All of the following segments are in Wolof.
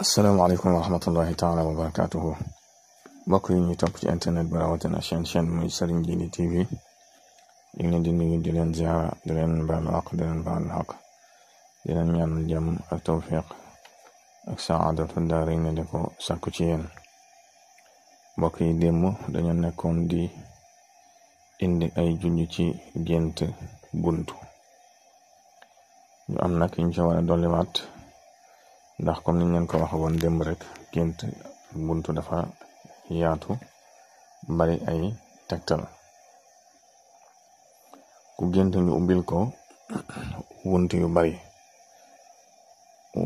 asalaamaaleykum wa rahmatullahi taala wa barakaatuhu mbokk yi ñuy topp ci internet bi rawatina chaîne chaîne muy Serigne Djily TV ñu ngi leen di nuyu di leen ziara di leen baal àq di leen baal àq di leen ñaanal jàmm ak tawfiq ak saadatu daari ne di ko sàkku ci yéen mbokk yi démb dañu nekkoon di indi ay junj ci gént bunt ñu am nag ñu ci war a dolliwaat ndax comme niñ leen ko wax woon démb rek gént buntu dafa yaatu bari ay tegtal ku gént ñu ubbil ko wunt yu bari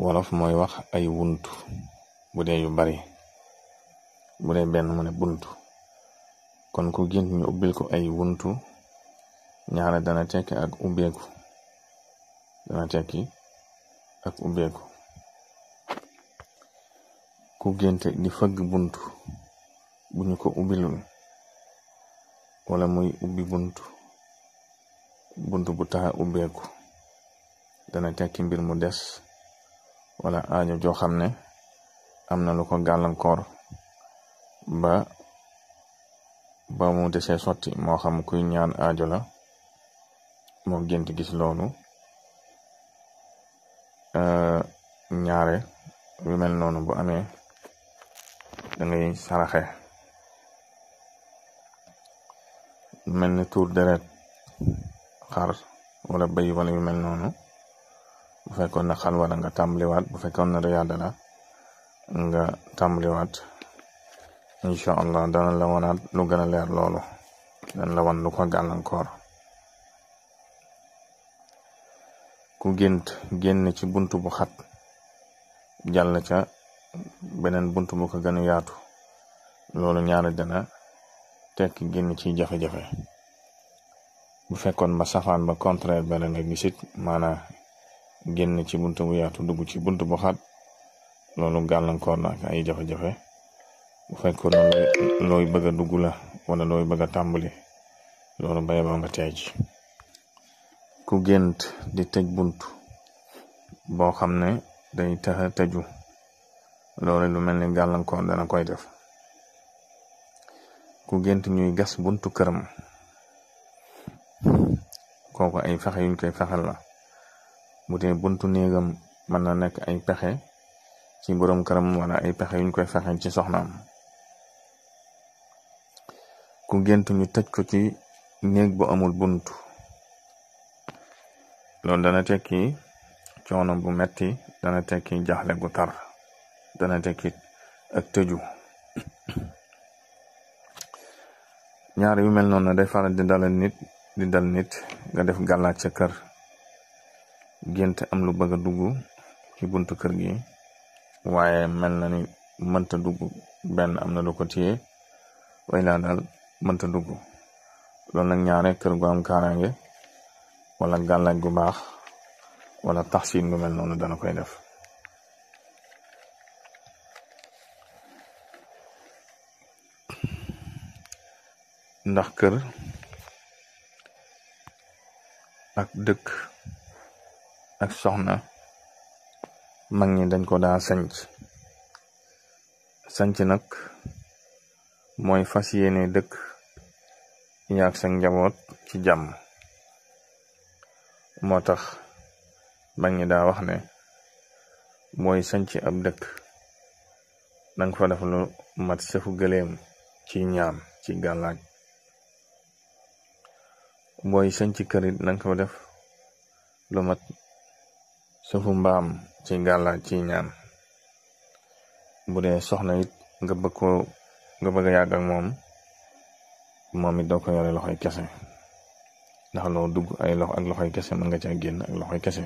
wolof mooy wax ay wunt bu yu bari bu dee benn mu kon ku gént ñu ubbil ko ay wuntu ñaara dana tekki ak ubbeeku dana tekki ak ubbeeku ku génte di fëgg bunt bu ñu ko ubbilul wala muy ubbi bunt bunt bu taxa ubbeeku dana tekki mbir mu des wala aajo joo xam ne am na lu ko gàllankoor ba ba mu desee sotti moo xam kuy ñaan aajo la moo gént gis loolu euh, ñaare yu mel noonu ame da ngay saraxe mel ni tuur deret xar wala béy wala yu mel noonu bu fekkoon ne xal wala nga tàmbaliwaat bu fekkoon ne riyaada la nga tàmbaliwaat incha allah dana la lu gën a leer loolu dana la wan lu ko ku gént génn ci buntu bu xat jàll ca beneen bunt bu ko gën a yaatu loolu ñaari dana tekk génn ci jafe-jafe bu fekkoon ba safaan ba contraire beneen nga gisit maanaa génn ci bunt bu yaatu dugg ci bunt bu xat loolu gàllankoor na ak ay jafe-jafe bu fekkoon looy bëgg a la wala looy bëgg a tàmbali loolu ba yeboo nga teej ku gént di tëj bunt boo xam ne day taxa tëju loolu lu mel ni gàllankoor dana koy def ku gént ñuy gas buntu këram kooku ay fexe yuñ koy fexel la bu buntu néegam mën na nekk ay pexe ci borom këram wala ay pexe yuñ koy fexe ci soxnaam ku gént ñu tëj ko ci néeg bu amul bunt loolu dana tekki coono bu metti dana tekki jaxle gu tar dana tekkit ak tëju ñaar yu mel noonu day faral di nit di dal nit nga def gàllaaj ca kër gént am lu bëgg a dugg ci buntu kër gi waaye mel na ni mënta dugg benn am na lu ko téye way laa daal mënta dugg loolu nag ñaare kër gu am kaaraange wala gàllaaj gu baax wala taxsin lu mel noonu dana koy def ndax kër ak dëkk ak soxna mag ñi dañ ko daa sanc sanc nag mooy fas yéene dëkk yaag sa njaboot ci jàmm moo tax mag ñi daa wax ne mooy sanc ab dëkk danga fa def lu mat sëfu gëléem ci ñaam ci gàllaaj booy sanc ci it nanga ko def lu mat suufu mbaam ci gàlla ci ñaan bu dee soxna it nga bëgg ko nga bëgg a yàgg ak moom moom it doo ko yore loxoy kese ndax loo dugg ay loxo ak loxoy kese mën nga caa génn ak loxoy kese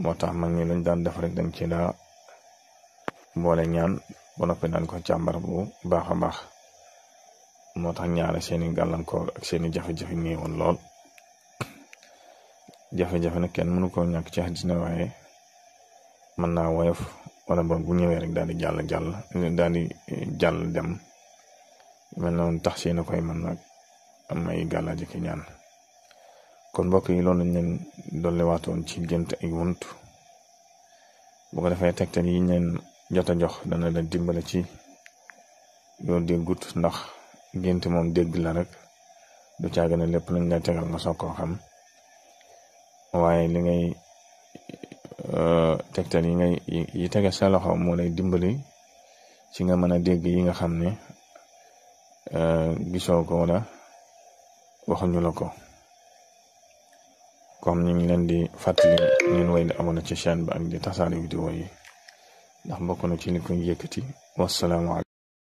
moo tax mag ñi lañ daan def rek dañ ci daa boole ñaan ba noppi daan ko càmbar bu baax a baax moo tax ñaare seeni gàllankoor ak seeni jafe-jafe néewoon lool jafe-jafe nag kenn mënu ko ñàkk ci àddina waaye mën naa woyof wala boog bu ñëwee rek daal di jàll jàll daal di eh, jàll dem mel na woon tax seeni koy man nag am ay gàllaaji ñaan kon mbokk yi loolu lañ leen dolliwaatoon ci gént ay wunt bu ko defee tegtal yi ñu leen jot a jox dana la ci yoo déggut ndax gént moom dégg la rek du caaga ne lépp lañ la tegal nga koo xam waaye li ngay euh, tegtal yi ngay yi tege sa loxo moo lay dimbali ci nga mën a dégg yi nga xam ne euh, gisoo ko wala waxuñu la ko comme ñu ngi leen di fàttali ngeen way di abonné ci chaîne ba ak di tasaare vidéo yi ndax bokk na ci li koy yëkkati wasalaamaaleykum